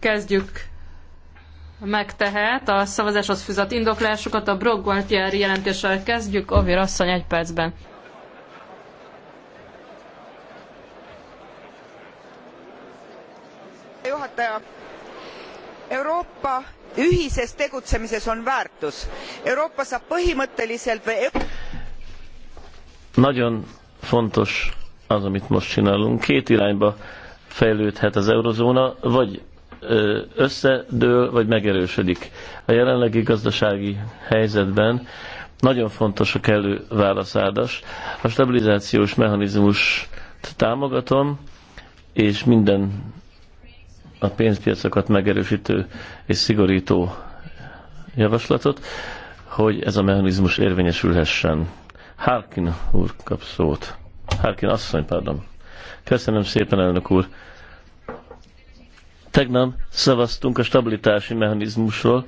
Kezdjük meg tehát a szavazáshoz fűzött indoklásokat. A Brock Gualtieri jelentéssel kezdjük. Ovir asszony egy percben. Juhataja, Euroopa ühises tegutsemises on väärtus. Euroopa saab põhimõtteliselt Nagyon fontos az, amit most csinálunk. Két irányba fejlődhet az eurozóna, vagy összedől, vagy megerősödik. A jelenlegi gazdasági helyzetben nagyon fontos a kellő válaszádas. A stabilizációs mechanizmust támogatom, és minden a pénzpiacokat megerősítő és szigorító javaslatot, hogy ez a mechanizmus érvényesülhessen. Harkin úr kap szót. Harkin asszony, pardon. Köszönöm szépen, elnök úr. Tegnap szavaztunk a stabilitási mechanizmusról.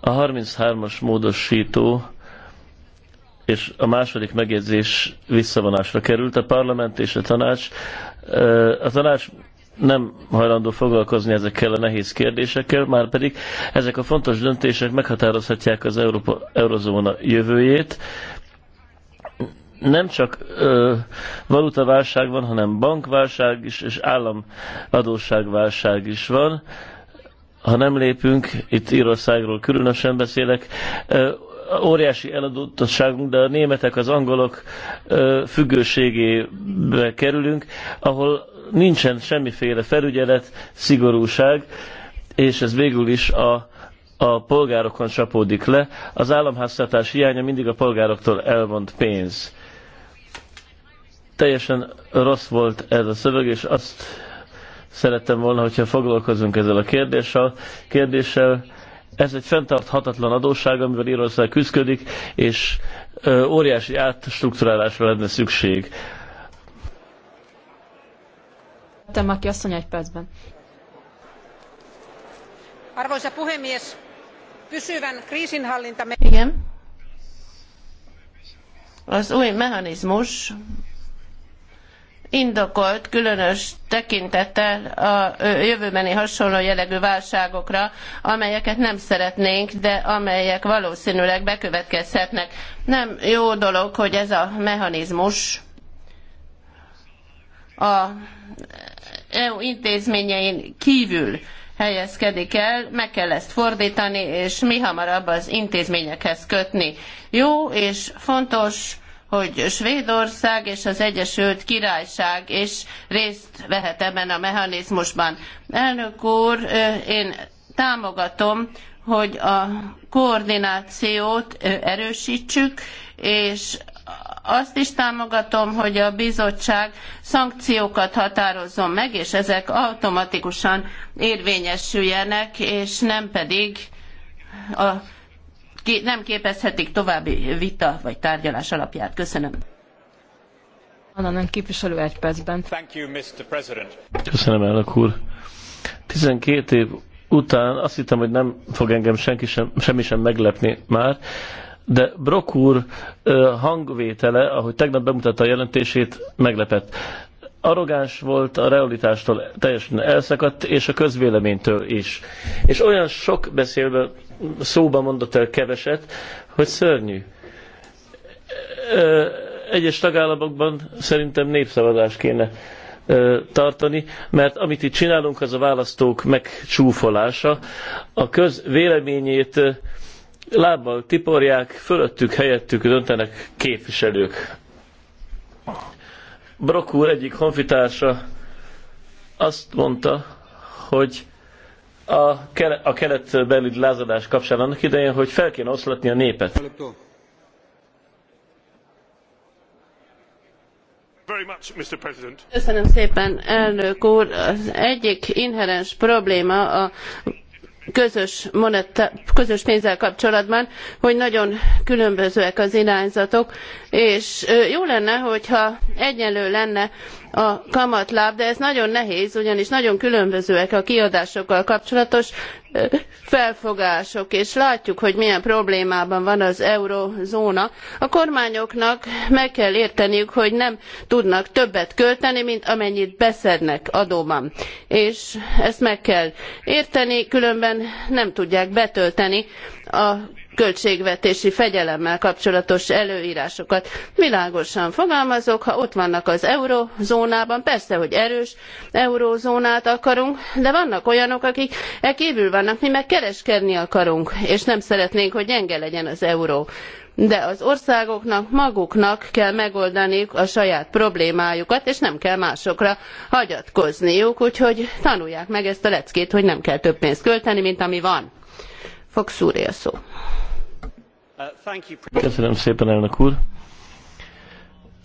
A 33-as módosító és a második megjegyzés visszavonásra került. A parlament és a tanács, a tanács nem hajlandó foglalkozni ezekkel a nehéz kérdésekkel, már pedig ezek a fontos döntések meghatározhatják az Európa, eurozóna jövőjét, nem csak ö, valutaválság van, hanem bankválság is, és államadóságválság is van. Ha nem lépünk, itt Írországról különösen beszélek, ö, óriási eladottságunk, de a németek, az angolok ö, függőségébe kerülünk, ahol nincsen semmiféle felügyelet, szigorúság, és ez végül is a a polgárokon csapódik le, az államháztartás hiánya mindig a polgároktól elvont pénz. Teljesen rossz volt ez a szöveg, és azt szerettem volna, hogyha foglalkozunk ezzel a kérdéssel. kérdéssel ez egy fenntarthatatlan adósság, amivel Írország küzdik, és óriási átstruktúrálásra lenne szükség. Temaki asszony egy percben. Arvoisa puhemies, pysyvän kriisinhallintamme... Igen. Az új mechanizmus indokolt, különös tekintettel a jövőbeni hasonló jellegű válságokra, amelyeket nem szeretnénk, de amelyek valószínűleg bekövetkezhetnek. Nem jó dolog, hogy ez a mechanizmus a EU intézményein kívül helyezkedik el, meg kell ezt fordítani, és mi hamarabb az intézményekhez kötni. Jó és fontos hogy Svédország és az Egyesült Királyság is részt vehet ebben a mechanizmusban. Elnök úr, én támogatom, hogy a koordinációt erősítsük, és azt is támogatom, hogy a bizottság szankciókat határozzon meg, és ezek automatikusan érvényesüljenek, és nem pedig a nem képezhetik további vita vagy tárgyalás alapját. Köszönöm. Annan képviselő egy percben. You, Köszönöm, elnök úr. 12 év után azt hittem, hogy nem fog engem senki sem, semmi sem meglepni már, de Brok úr hangvétele, ahogy tegnap bemutatta a jelentését, meglepett. Arrogáns volt a realitástól, teljesen elszakadt, és a közvéleménytől is. És olyan sok beszélve szóba mondott el keveset, hogy szörnyű. Egyes tagállamokban szerintem népszavazást kéne tartani, mert amit itt csinálunk, az a választók megcsúfolása. A köz véleményét lábbal tiporják, fölöttük, helyettük döntenek képviselők. Brokúr egyik honfitársa azt mondta, hogy a kelet-berlin lázadás kapcsán annak idején, hogy fel kéne oszlatni a népet. Köszönöm szépen, elnök úr. Az egyik inherens probléma a közös, moneta, közös pénzzel kapcsolatban, hogy nagyon különbözőek az irányzatok, és jó lenne, hogyha egyenlő lenne a kamatláb, de ez nagyon nehéz, ugyanis nagyon különbözőek a kiadásokkal kapcsolatos felfogások, és látjuk, hogy milyen problémában van az eurozóna. A kormányoknak meg kell érteniük, hogy nem tudnak többet költeni, mint amennyit beszednek adóban. És ezt meg kell érteni, különben nem tudják betölteni a költségvetési fegyelemmel kapcsolatos előírásokat. Világosan fogalmazok, ha ott vannak az eurózónában, persze, hogy erős eurózónát akarunk, de vannak olyanok, akik e kívül vannak, mi meg kereskedni akarunk, és nem szeretnénk, hogy gyenge legyen az euró de az országoknak maguknak kell megoldaniuk a saját problémájukat, és nem kell másokra hagyatkozniuk, úgyhogy tanulják meg ezt a leckét, hogy nem kell több pénzt költeni, mint ami van. Fox a szó. Köszönöm szépen, elnök úr.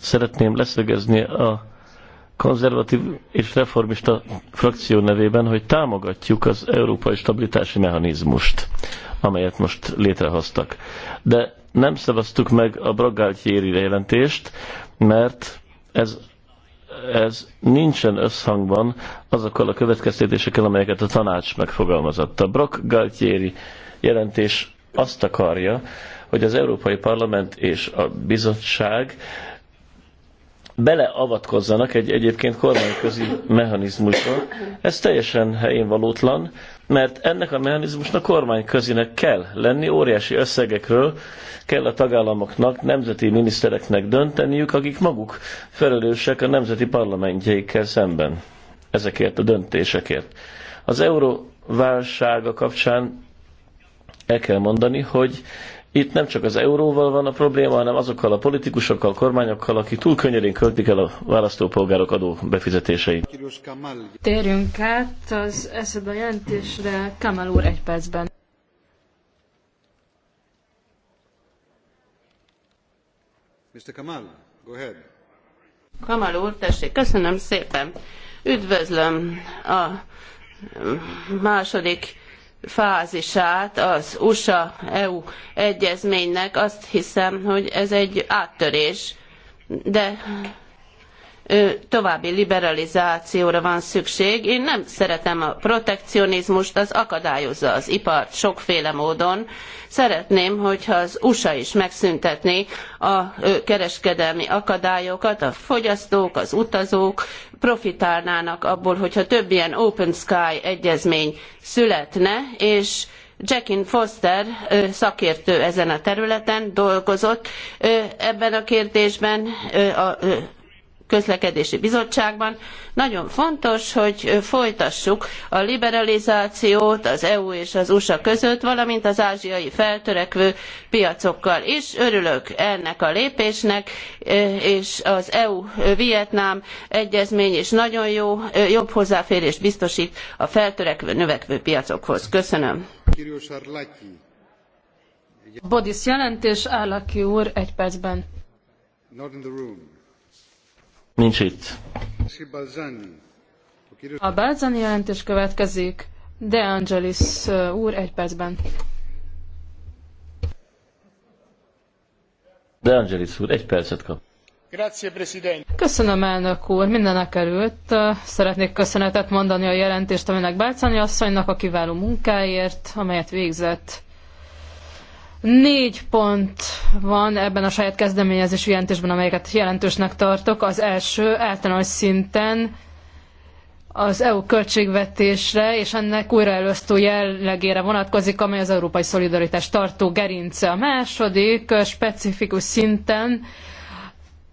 Szeretném leszögezni a konzervatív és reformista frakció nevében, hogy támogatjuk az európai stabilitási mechanizmust, amelyet most létrehoztak. De nem szavaztuk meg a Bragáltyéri jelentést, mert ez, ez nincsen összhangban azokkal a következtetésekkel, amelyeket a tanács megfogalmazott. A Bragáltyéri jelentés azt akarja, hogy az Európai Parlament és a bizottság beleavatkozzanak egy egyébként kormányközi mechanizmusba. Ez teljesen helyén valótlan, mert ennek a mechanizmusnak kormányközinek kell lenni, óriási összegekről kell a tagállamoknak, nemzeti minisztereknek dönteniük, akik maguk felelősek a nemzeti parlamentjeikkel szemben ezekért a döntésekért. Az euróválsága kapcsán el kell mondani, hogy itt nem csak az euróval van a probléma, hanem azokkal a politikusokkal, kormányokkal, akik túl könnyedén költik el a választópolgárok adó befizetéseit. Térjünk át az eszedbe a jelentésre. Kamal úr egy percben. Mr. Kamal, go ahead. Kamal úr, tessék, köszönöm szépen. Üdvözlöm a második fázisát az USA-EU egyezménynek, azt hiszem, hogy ez egy áttörés, de további liberalizációra van szükség. Én nem szeretem a protekcionizmust, az akadályozza az ipart sokféle módon. Szeretném, hogyha az USA is megszüntetné a kereskedelmi akadályokat, a fogyasztók, az utazók profitálnának abból, hogyha több ilyen Open Sky egyezmény születne, és Jackin Foster szakértő ezen a területen dolgozott ebben a kérdésben, a közlekedési bizottságban. Nagyon fontos, hogy folytassuk a liberalizációt az EU és az USA között, valamint az ázsiai feltörekvő piacokkal is. Örülök ennek a lépésnek, és az EU-Vietnám egyezmény is nagyon jó, jobb hozzáférést biztosít a feltörekvő, növekvő piacokhoz. Köszönöm. Bodis jelentés, Állaki úr, egy percben. Not in the room. Nincs itt. A Balzani jelentés következik. De Angelis úr, egy percben. De Angelis úr, egy percet kap. Köszönöm, elnök úr. Mindenek előtt szeretnék köszönetet mondani a jelentést, aminek Bálcani asszonynak a kiváló munkáért, amelyet végzett. Négy pont van ebben a saját kezdeményezésű jelentésben, amelyeket jelentősnek tartok. Az első általános szinten az EU költségvetésre és ennek újraelosztó jellegére vonatkozik, amely az európai szolidaritás tartó gerince. A második specifikus szinten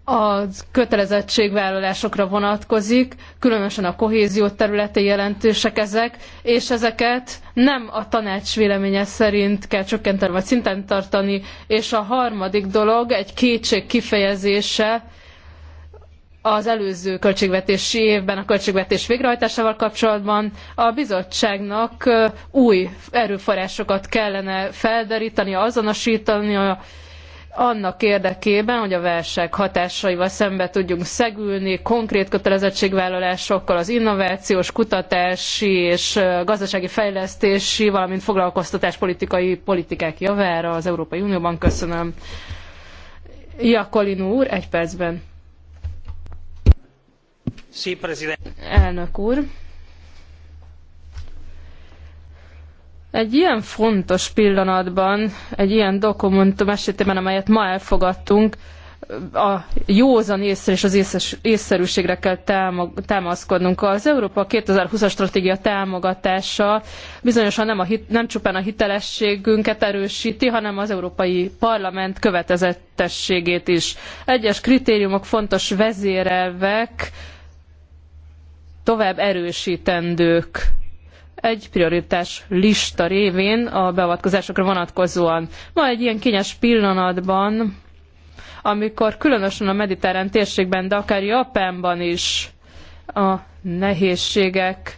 a kötelezettségvállalásokra vonatkozik, különösen a kohézió területe jelentősek ezek, és ezeket nem a tanács véleménye szerint kell csökkenteni vagy szinten tartani, és a harmadik dolog egy kétség kifejezése, az előző költségvetési évben a költségvetés végrehajtásával kapcsolatban a bizottságnak új erőforrásokat kellene felderíteni, azonosítani, annak érdekében, hogy a válság hatásaival szembe tudjunk szegülni, konkrét kötelezettségvállalásokkal, az innovációs, kutatási és gazdasági fejlesztési, valamint foglalkoztatáspolitikai politikák javára az Európai Unióban. Köszönöm. Iakolin úr, egy percben. Sí, Elnök úr. Egy ilyen fontos pillanatban, egy ilyen dokumentum esetében, amelyet ma elfogadtunk, a józan észre és az észszerűségre kell támaszkodnunk. Az Európa 2020-as stratégia támogatása bizonyosan nem, a hit, nem csupán a hitelességünket erősíti, hanem az Európai Parlament következetességét is. Egyes kritériumok fontos vezérelvek tovább erősítendők egy prioritás lista révén a beavatkozásokra vonatkozóan. Ma egy ilyen kényes pillanatban, amikor különösen a mediterrán térségben, de akár Japánban is a nehézségek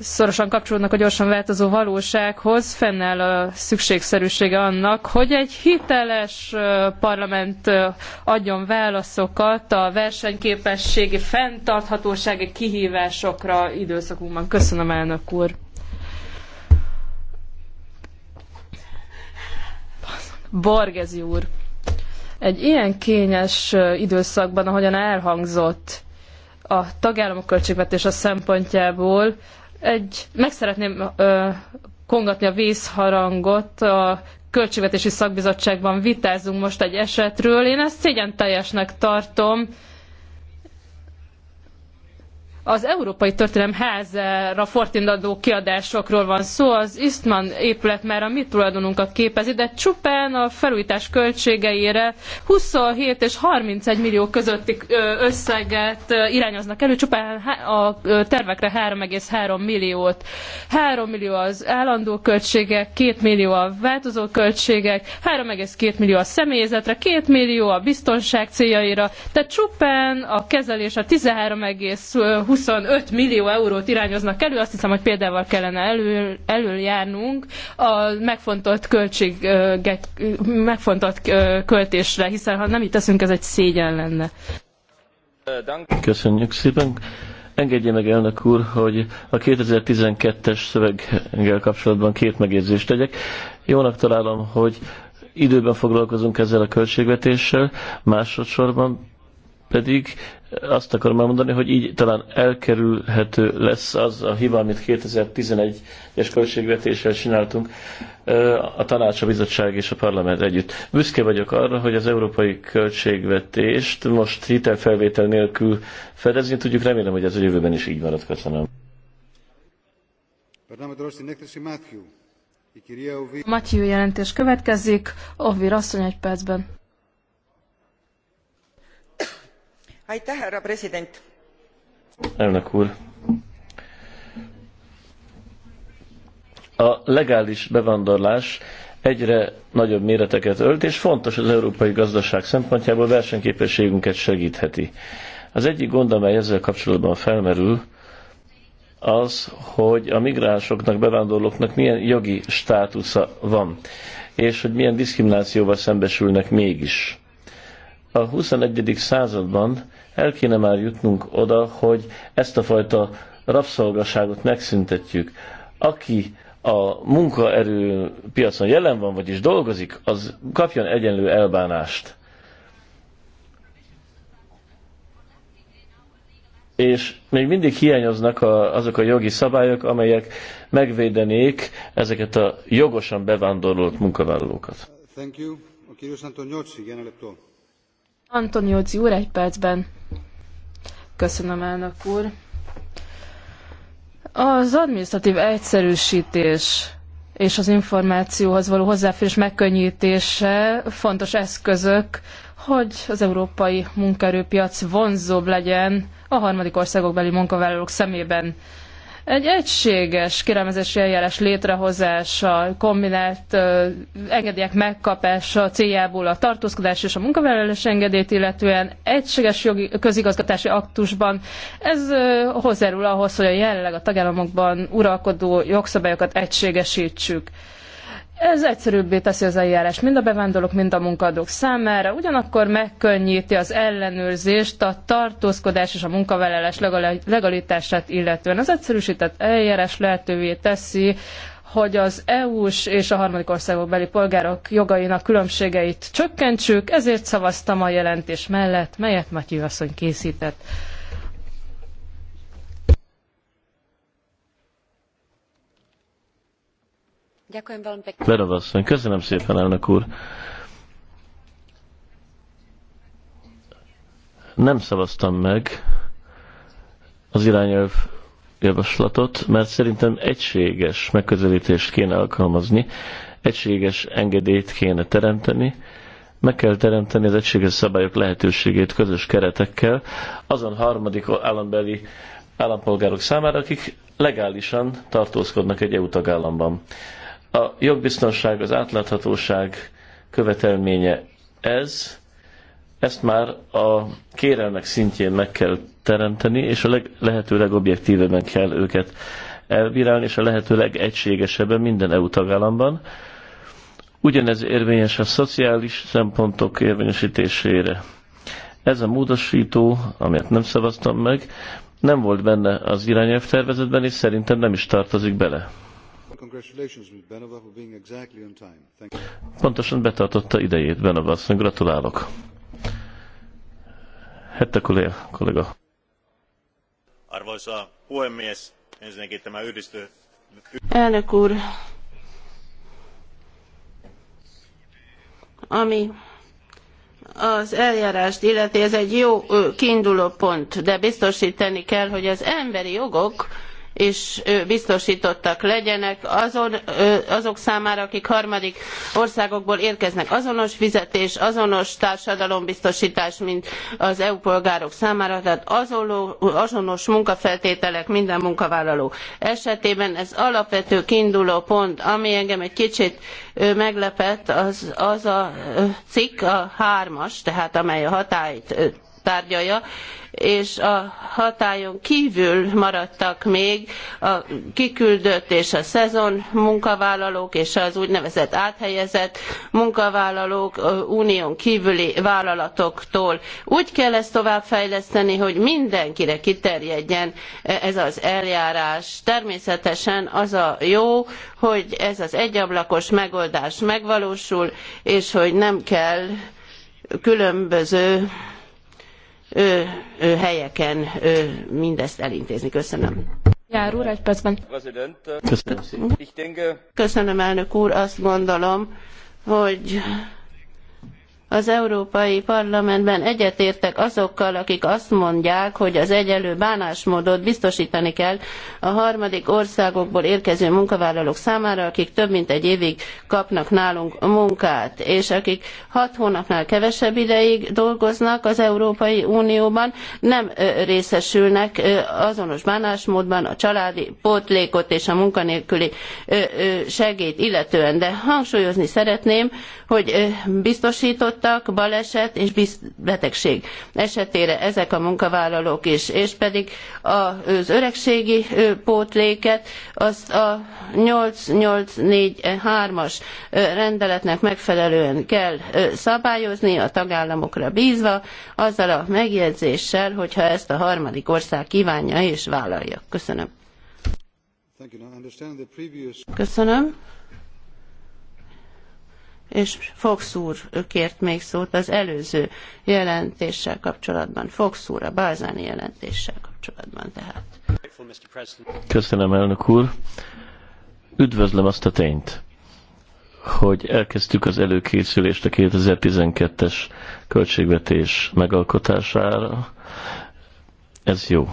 szorosan kapcsolódnak a gyorsan változó valósághoz, fennáll a szükségszerűsége annak, hogy egy hiteles parlament adjon válaszokat a versenyképességi, fenntarthatósági kihívásokra időszakunkban. Köszönöm, elnök úr! Borgezi úr, egy ilyen kényes időszakban, ahogyan elhangzott a tagállamok költségvetése szempontjából, egy, meg szeretném ö, kongatni a vízharangot, a költségvetési szakbizottságban vitázunk most egy esetről. Én ezt szégyen teljesnek tartom, az Európai Történelem házára fortindadó kiadásokról van szó, az Istman épület már a mi tulajdonunkat képezi, de csupán a felújítás költségeire 27 és 31 millió közötti összeget irányoznak elő, csupán a tervekre 3,3 milliót. 3 millió az állandó költségek, 2 millió a változó költségek, 3,2 millió a személyzetre, 2 millió a biztonság céljaira, tehát csupán a kezelés a 13,20 25 millió eurót irányoznak elő, azt hiszem, hogy példával kellene elől, előjárnunk a megfontolt költségek, megfontolt költésre, hiszen ha nem itt teszünk, ez egy szégyen lenne. Köszönjük szépen. Engedje meg, elnök úr, hogy a 2012-es szöveggel kapcsolatban két megjegyzést tegyek. Jónak találom, hogy időben foglalkozunk ezzel a költségvetéssel, másodszorban pedig azt akarom elmondani, hogy így talán elkerülhető lesz az a hiba, amit 2011-es költségvetéssel csináltunk, a tanács, a bizottság és a parlament együtt. Büszke vagyok arra, hogy az európai költségvetést most hitelfelvétel nélkül fedezni tudjuk. Remélem, hogy ez a jövőben is így marad. Köszönöm. Matthew jelentés következik. Ovi asszony egy percben. Elnök úr! A legális bevándorlás egyre nagyobb méreteket ölt, és fontos az európai gazdaság szempontjából versenyképességünket segítheti. Az egyik gond, amely ezzel kapcsolatban felmerül, az, hogy a migránsoknak, bevándorlóknak milyen jogi státusza van, és hogy milyen diszkriminációval szembesülnek mégis a 21. században el kéne már jutnunk oda, hogy ezt a fajta rabszolgaságot megszüntetjük. Aki a munkaerő piacon jelen van, vagyis dolgozik, az kapjon egyenlő elbánást. És még mindig hiányoznak a, azok a jogi szabályok, amelyek megvédenék ezeket a jogosan bevándorolt munkavállalókat. Thank you. A Antonio úr, egy percben. Köszönöm, elnök úr. Az administratív egyszerűsítés és az információhoz való hozzáférés megkönnyítése fontos eszközök, hogy az európai munkaerőpiac vonzóbb legyen a harmadik országok beli munkavállalók szemében. Egy egységes kérelmezési eljárás létrehozása, kombinált engedélyek megkapása céljából a tartózkodás és a munkavállalás engedélyt, illetően egységes jogi, közigazgatási aktusban ez hozzárul ahhoz, hogy a jelenleg a tagállamokban uralkodó jogszabályokat egységesítsük. Ez egyszerűbbé teszi az eljárás mind a bevándorlók, mind a munkadók számára, ugyanakkor megkönnyíti az ellenőrzést, a tartózkodás és a munkavállalás legalitását illetően. Az egyszerűsített eljárás lehetővé teszi, hogy az EU-s és a harmadik országok beli polgárok jogainak különbségeit csökkentsük, ezért szavaztam a jelentés mellett, melyet Matyi asszony készített. Verov köszönöm szépen, elnök úr. Nem szavaztam meg az irányelv javaslatot, mert szerintem egységes megközelítést kéne alkalmazni, egységes engedélyt kéne teremteni, meg kell teremteni az egységes szabályok lehetőségét közös keretekkel azon harmadik állambeli állampolgárok számára, akik legálisan tartózkodnak egy EU tagállamban. A jogbiztonság, az átláthatóság követelménye ez, ezt már a kérelmek szintjén meg kell teremteni, és a leg, lehető legobjektívebben kell őket elbírálni, és a lehető legegységesebben minden EU tagállamban. Ugyanez érvényes a szociális szempontok érvényesítésére. Ez a módosító, amit nem szavaztam meg, nem volt benne az irányelv tervezetben, és szerintem nem is tartozik bele. Pontosan betartotta idejét, Benova asszony, gratulálok. Hette kolléga. kollega. Arvoisa puhemies, ensinnäkin tämä yhdistö... Elnök úr, ami az eljárást illeti, ez egy jó kiinduló pont, de biztosítani kell, hogy az emberi jogok is biztosítottak legyenek azon, azok számára, akik harmadik országokból érkeznek. Azonos fizetés, azonos társadalombiztosítás, mint az EU polgárok számára, tehát azonló, azonos munkafeltételek minden munkavállaló esetében. Ez alapvető kiinduló pont, ami engem egy kicsit meglepett, az, az a cikk, a hármas, tehát amely a hatályt tárgyalja, és a hatályon kívül maradtak még a kiküldött és a szezon munkavállalók és az úgynevezett áthelyezett munkavállalók unión kívüli vállalatoktól. Úgy kell ezt továbbfejleszteni, hogy mindenkire kiterjedjen e, ez az eljárás. Természetesen az a jó, hogy ez az egyablakos megoldás megvalósul, és hogy nem kell különböző ö helyeken mindezt elintézni. Köszönöm. Jár úr, egy percben. Köszönöm, Köszönöm elnök úr. Azt gondolom, hogy az Európai Parlamentben egyetértek azokkal, akik azt mondják, hogy az egyenlő bánásmódot biztosítani kell a harmadik országokból érkező munkavállalók számára, akik több mint egy évig kapnak nálunk munkát, és akik hat hónapnál kevesebb ideig dolgoznak az Európai Unióban, nem részesülnek azonos bánásmódban a családi pótlékot és a munkanélküli segélyt illetően. De hangsúlyozni szeretném, hogy biztosított halottak, baleset és betegség esetére ezek a munkavállalók is. És pedig az öregségi pótléket azt a 8843-as rendeletnek megfelelően kell szabályozni, a tagállamokra bízva, azzal a megjegyzéssel, hogyha ezt a harmadik ország kívánja és vállalja. Köszönöm. Köszönöm és Fox úr kért még szót az előző jelentéssel kapcsolatban, Fox úr a Balzáni jelentéssel kapcsolatban tehát. Köszönöm, elnök úr. Üdvözlöm azt a tényt, hogy elkezdtük az előkészülést a 2012-es költségvetés megalkotására. Ez jó.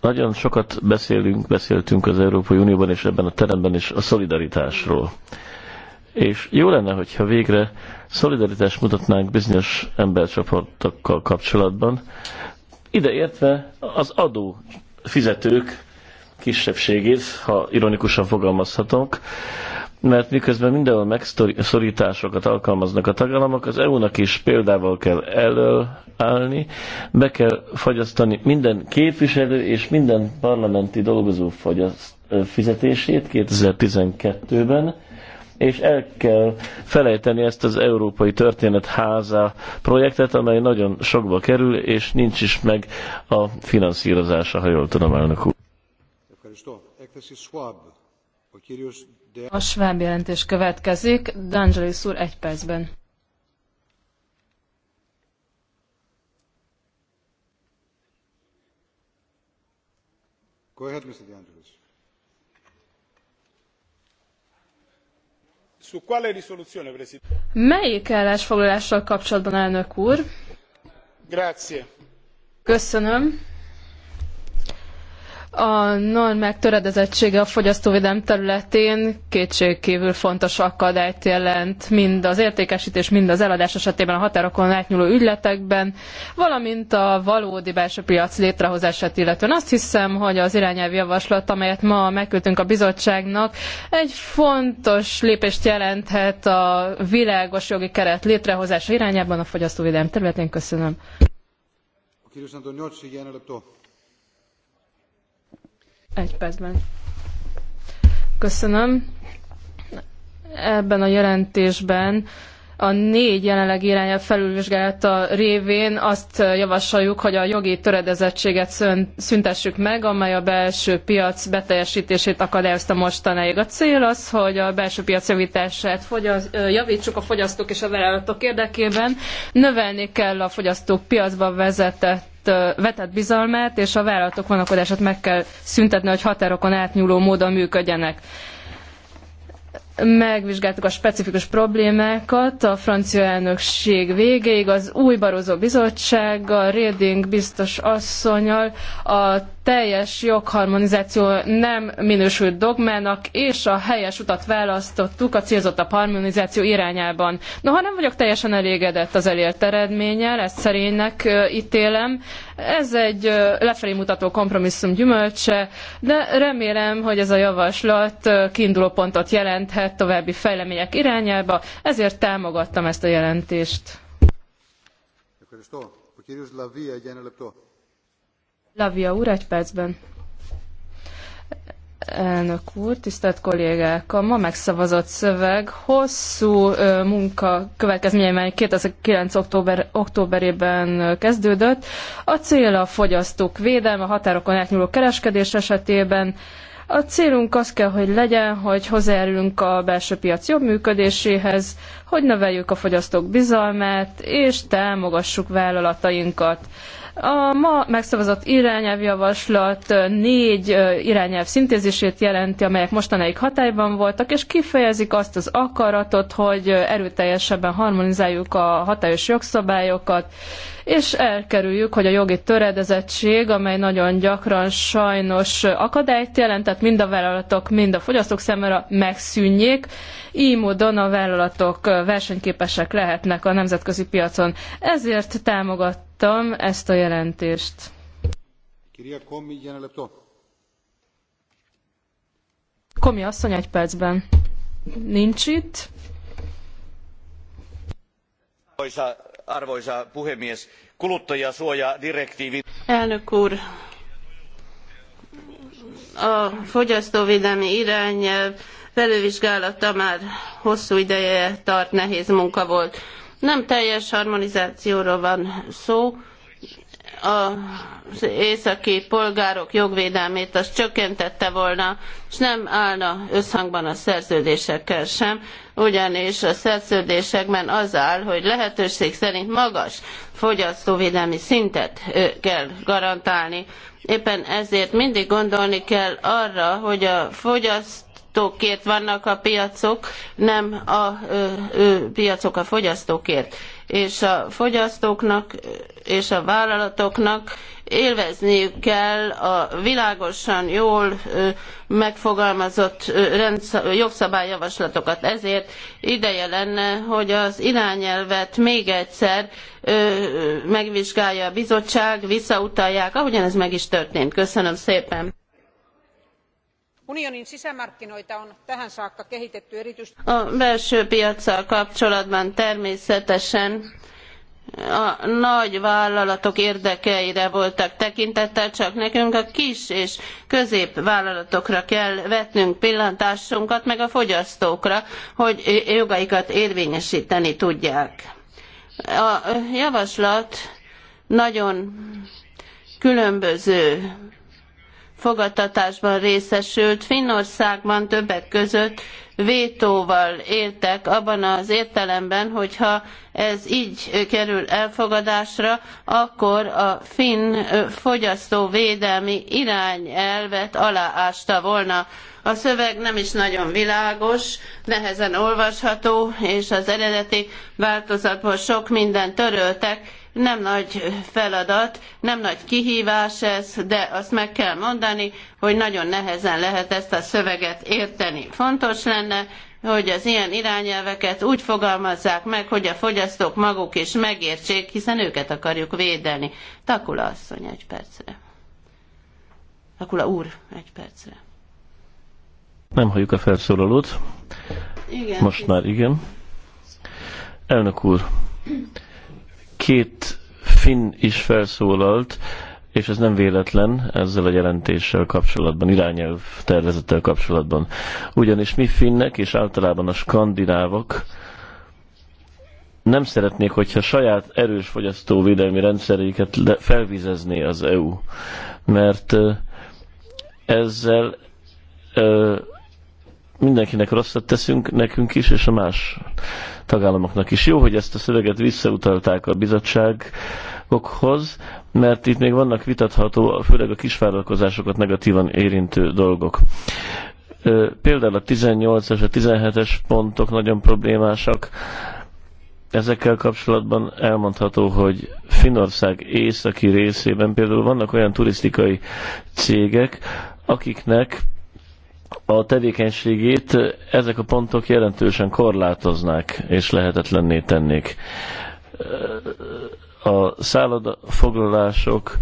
Nagyon sokat beszélünk, beszéltünk az Európai Unióban és ebben a teremben is a szolidaritásról és jó lenne, hogyha végre szolidaritást mutatnánk bizonyos embercsoportokkal kapcsolatban, ideértve az adó fizetők kisebbségét, ha ironikusan fogalmazhatunk, mert miközben mindenhol megszorításokat alkalmaznak a tagállamok, az EU-nak is példával kell elől állni, be kell fagyasztani minden képviselő és minden parlamenti dolgozó fogyaszt, fizetését 2012-ben, és el kell felejteni ezt az Európai Történet Háza projektet, amely nagyon sokba kerül, és nincs is meg a finanszírozása, ha jól tudom, elnök úr. A Schwab jelentés következik. D'Angelis úr egy percben. Go ahead, Mr. DeAngelis. Melyik állásfoglalással kapcsolatban, elnök úr? Grazie. Köszönöm. A normák töredezettsége a fogyasztóvédelem területén kétségkívül fontos akadályt jelent mind az értékesítés, mind az eladás esetében a határokon átnyúló ügyletekben, valamint a valódi belső piac létrehozását illetően. Azt hiszem, hogy az irányelvi javaslat, amelyet ma megküldtünk a bizottságnak, egy fontos lépést jelenthet a világos jogi keret létrehozása irányában a fogyasztóvédelem területén. Köszönöm. A egy percben. Köszönöm. Ebben a jelentésben a négy jelenleg irányel felülvizsgálata révén azt javasoljuk, hogy a jogi töredezettséget szüntessük meg, amely a belső piac beteljesítését akadályozta mostanáig. A cél az, hogy a belső piac javítását fogyaszt, javítsuk a fogyasztók és a vállalatok érdekében, növelni kell a fogyasztók piacba vezetett vetett bizalmát, és a vállalatok vonakodását meg kell szüntetni, hogy határokon átnyúló módon működjenek megvizsgáltuk a specifikus problémákat a francia elnökség végéig, az új Barozó bizottsággal, Reding biztos asszonyal, a teljes jogharmonizáció nem minősült dogmának, és a helyes utat választottuk a célzottabb harmonizáció irányában. Noha nem vagyok teljesen elégedett az elért eredménnyel, ezt szerénynek ítélem, ez egy lefelé mutató kompromisszum gyümölcse, de remélem, hogy ez a javaslat kiindulópontot jelenthet további fejlemények irányába, ezért támogattam ezt a jelentést. Köszönöm. Lavia úr, egy percben. Elnök úr, tisztelt kollégák! A ma megszavazott szöveg hosszú munka következménye, mely 2009. Október, októberében kezdődött. A cél a fogyasztók védelme, a határokon átnyúló kereskedés esetében. A célunk az kell, hogy legyen, hogy hozzájárulunk a belső piac jobb működéséhez, hogy növeljük a fogyasztók bizalmát, és támogassuk vállalatainkat. A ma megszavazott irányelvjavaslat négy irányelv szintézisét jelenti, amelyek mostanáig hatályban voltak, és kifejezik azt az akaratot, hogy erőteljesebben harmonizáljuk a hatályos jogszabályokat, és elkerüljük, hogy a jogi töredezettség, amely nagyon gyakran sajnos akadályt jelent, tehát mind a vállalatok, mind a fogyasztók számára megszűnjék, így módon a vállalatok versenyképesek lehetnek a nemzetközi piacon. Ezért támogattam ezt a jelentést. Komi asszony egy percben. Nincs itt arvoisa puhemies kuluttajansuojadirektiivin. elnök úr a fogyasztóvédelmi irányelv felülvizsgálata már hosszú ideje tart nehéz munka volt. nem teljes harmonizációról van szó az északi polgárok jogvédelmét az csökkentette volna, és nem állna összhangban a szerződésekkel sem, ugyanis a szerződésekben az áll, hogy lehetőség szerint magas fogyasztóvédelmi szintet kell garantálni. Éppen ezért mindig gondolni kell arra, hogy a fogyasztó fogyasztókért vannak a piacok, nem a ö, ö, piacok a fogyasztókért és a fogyasztóknak és a vállalatoknak élvezniük kell a világosan jól megfogalmazott jogszabályjavaslatokat. Ezért ideje lenne, hogy az irányelvet még egyszer megvizsgálja a bizottság, visszautalják, ahogyan ez meg is történt. Köszönöm szépen. Unionin sisämarkkinoita on tähän saakka kehitetty erityisesti... A belső piaccal kapcsolatban természetesen a nagy vállalatok érdekeire voltak tekintettel, csak nekünk a kis és középvállalatokra kell vetnünk pillantásunkat, meg a fogyasztókra, hogy jogaikat érvényesíteni tudják. A javaslat nagyon különböző fogadtatásban részesült Finnországban többek között vétóval éltek abban az értelemben, hogyha ez így kerül elfogadásra, akkor a finn fogyasztóvédelmi irányelvet aláásta volna. A szöveg nem is nagyon világos, nehezen olvasható, és az eredeti változatból sok mindent töröltek, nem nagy feladat, nem nagy kihívás ez, de azt meg kell mondani, hogy nagyon nehezen lehet ezt a szöveget érteni. Fontos lenne, hogy az ilyen irányelveket úgy fogalmazzák meg, hogy a fogyasztók maguk is megértsék, hiszen őket akarjuk védeni. Takula asszony egy percre. Takula úr egy percre. Nem halljuk a felszólalót. Igen. Most már igen. Elnök úr, Két finn is felszólalt, és ez nem véletlen ezzel a jelentéssel kapcsolatban, irányelv tervezettel kapcsolatban. Ugyanis mi finnek, és általában a skandinávok nem szeretnék, hogyha saját erős fogyasztóvédelmi rendszereiket felvizezné az EU, mert ezzel mindenkinek rosszat teszünk, nekünk is, és a más tagállamoknak is. Jó, hogy ezt a szöveget visszautalták a bizottságokhoz, mert itt még vannak vitatható, főleg a kisvállalkozásokat negatívan érintő dolgok. Például a 18-es, a 17-es pontok nagyon problémásak. Ezekkel kapcsolatban elmondható, hogy Finország északi részében például vannak olyan turisztikai cégek, akiknek a tevékenységét ezek a pontok jelentősen korlátoznák és lehetetlenné tennék. A szállodafoglalások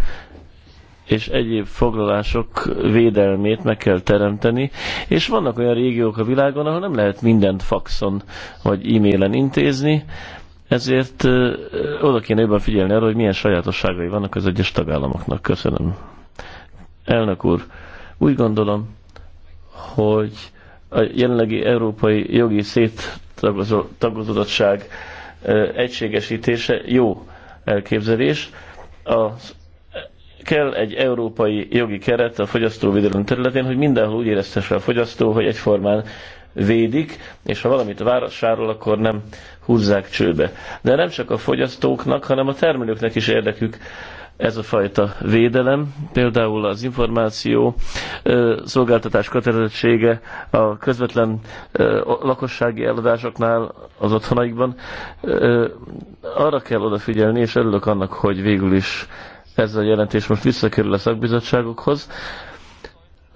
és egyéb foglalások védelmét meg kell teremteni, és vannak olyan régiók a világon, ahol nem lehet mindent faxon vagy e-mailen intézni, ezért oda kéne jobban figyelni arra, hogy milyen sajátosságai vannak az egyes tagállamoknak. Köszönöm. Elnök úr, úgy gondolom, hogy a jelenlegi európai jogi széttagozottság egységesítése jó elképzelés. A, e, kell egy európai jogi keret a fogyasztóvédelem területén, hogy mindenhol úgy éreztesse a fogyasztó, hogy egyformán védik, és ha valamit vásárol, akkor nem húzzák csőbe. De nem csak a fogyasztóknak, hanem a termelőknek is érdekük ez a fajta védelem, például az információ szolgáltatás kötelezettsége a közvetlen lakossági eladásoknál az otthonaikban. Arra kell odafigyelni, és örülök annak, hogy végül is ez a jelentés most visszakerül a szakbizottságokhoz,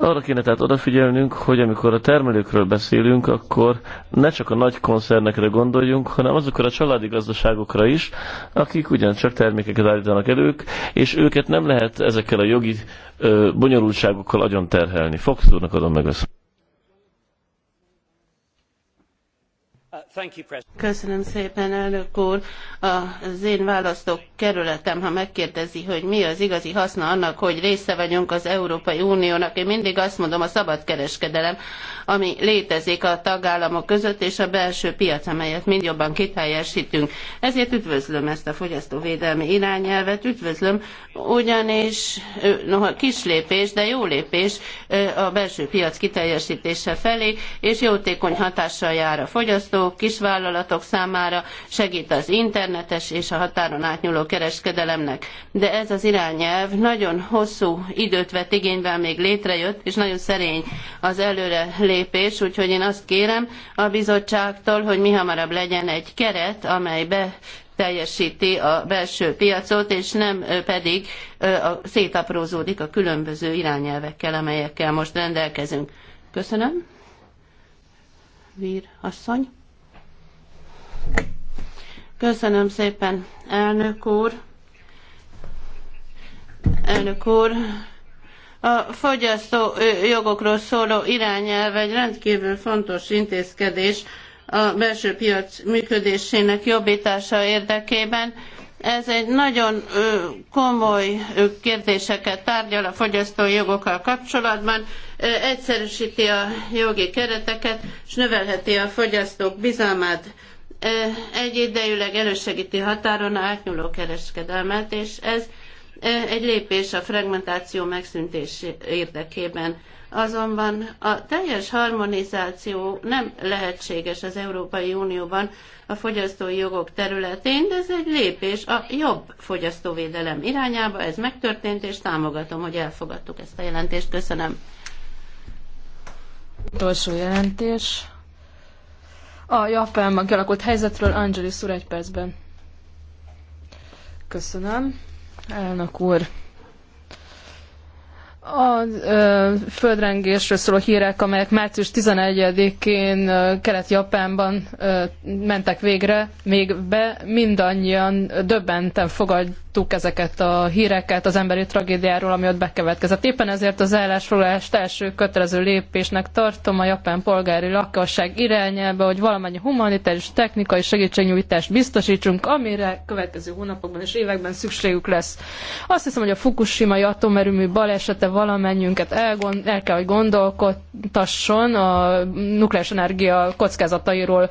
arra kéne tehát odafigyelnünk, hogy amikor a termelőkről beszélünk, akkor ne csak a nagy koncernekre gondoljunk, hanem azokra a családi gazdaságokra is, akik ugyancsak termékeket állítanak elők, és őket nem lehet ezekkel a jogi ö, bonyolultságokkal agyon terhelni. Fox úrnak adom meg ezt. Köszönöm szépen, Az én választókerületem, ha megkérdezi, hogy mi az igazi haszna annak, hogy része vagyunk az Európai Uniónak, én mindig azt mondom, a szabadkereskedelem, ami létezik a tagállamok között, és a belső piac, amelyet mind jobban kiteljesítünk. Ezért üdvözlöm ezt a fogyasztóvédelmi irányelvet, üdvözlöm, ugyanis noha kis lépés, de jó lépés a belső piac kiteljesítése felé, és jótékony hatással jár a fogyasztók, kisvállalatok számára, segít az internetes és a határon átnyúló kereskedelemnek. De ez az irányelv nagyon hosszú időt vett igénybe, még létrejött, és nagyon szerény az előre lépés, úgyhogy én azt kérem a bizottságtól, hogy mihamarabb legyen egy keret, amely be teljesíti a belső piacot, és nem pedig szétaprózódik a különböző irányelvekkel, amelyekkel most rendelkezünk. Köszönöm. Vír asszony. Köszönöm szépen, elnök úr. Elnök úr, a fogyasztó jogokról szóló irányelv egy rendkívül fontos intézkedés a belső piac működésének jobbítása érdekében. Ez egy nagyon komoly kérdéseket tárgyal a fogyasztói jogokkal kapcsolatban, egyszerűsíti a jogi kereteket, és növelheti a fogyasztók bizalmát egyidejűleg elősegíti határon átnyúló kereskedelmet, és ez egy lépés a fragmentáció megszüntés érdekében. Azonban a teljes harmonizáció nem lehetséges az Európai Unióban a fogyasztói jogok területén, de ez egy lépés a jobb fogyasztóvédelem irányába. Ez megtörtént, és támogatom, hogy elfogadtuk ezt a jelentést. Köszönöm. Utolsó jelentés a Japánban kialakult helyzetről Angelis úr egy percben. Köszönöm. Elnök úr. A ö, földrengésről szóló hírek, amelyek március 11-én Kelet-Japánban mentek végre, még be mindannyian döbbenten fogadják, láttuk ezeket a híreket az emberi tragédiáról, ami ott bekövetkezett. Éppen ezért az állásfoglalást első kötelező lépésnek tartom a japán polgári lakosság irányába, hogy valamennyi humanitárius technikai segítségnyújtást biztosítsunk, amire következő hónapokban és években szükségük lesz. Azt hiszem, hogy a fukushima atomerőmű balesete valamennyünket elgond, el kell, hogy gondolkodtasson a nukleáris energia kockázatairól.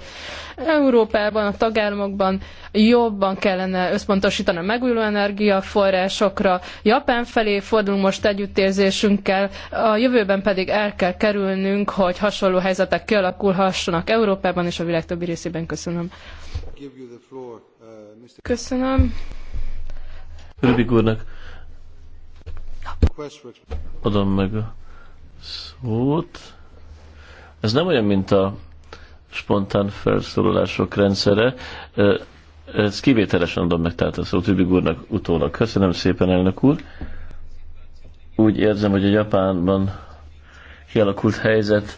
Európában, a tagállamokban jobban kellene összpontosítani a megújuló energiaforrásokra. Japán felé fordulunk most együttérzésünkkel, a jövőben pedig el kell kerülnünk, hogy hasonló helyzetek kialakulhassanak Európában és a világ többi részében. Köszönöm. Köszönöm. Rubik úrnak adom meg a szót. Ez nem olyan, mint a spontán felszólalások rendszere. Ez kivételesen adom meg tehát a szó Übig úrnak utólag. Köszönöm szépen, elnök úr. Úgy érzem, hogy a Japánban kialakult helyzet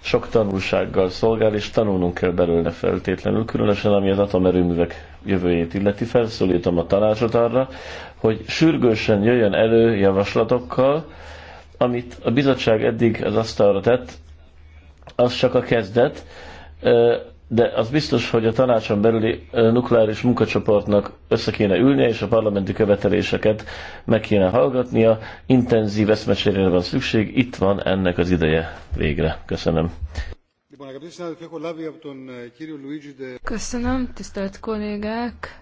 sok tanulsággal szolgál, és tanulnunk kell belőle feltétlenül, különösen ami az atomerőművek jövőjét illeti. Felszólítom a tanácsot arra, hogy sürgősen jöjjön elő javaslatokkal, amit a bizottság eddig az asztalra tett, az csak a kezdet, de az biztos, hogy a tanácson belüli nukleáris munkacsoportnak össze kéne ülnie, és a parlamenti követeléseket meg kéne hallgatnia. Intenzív eszmecsérére van szükség, itt van ennek az ideje végre. Köszönöm. Köszönöm, tisztelt kollégák!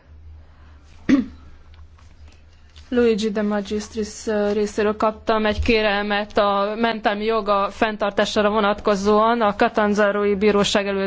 Luigi de Magistris részéről kaptam egy kérelmet a mentem joga fenntartására vonatkozóan a Katanzárói Bíróság előtt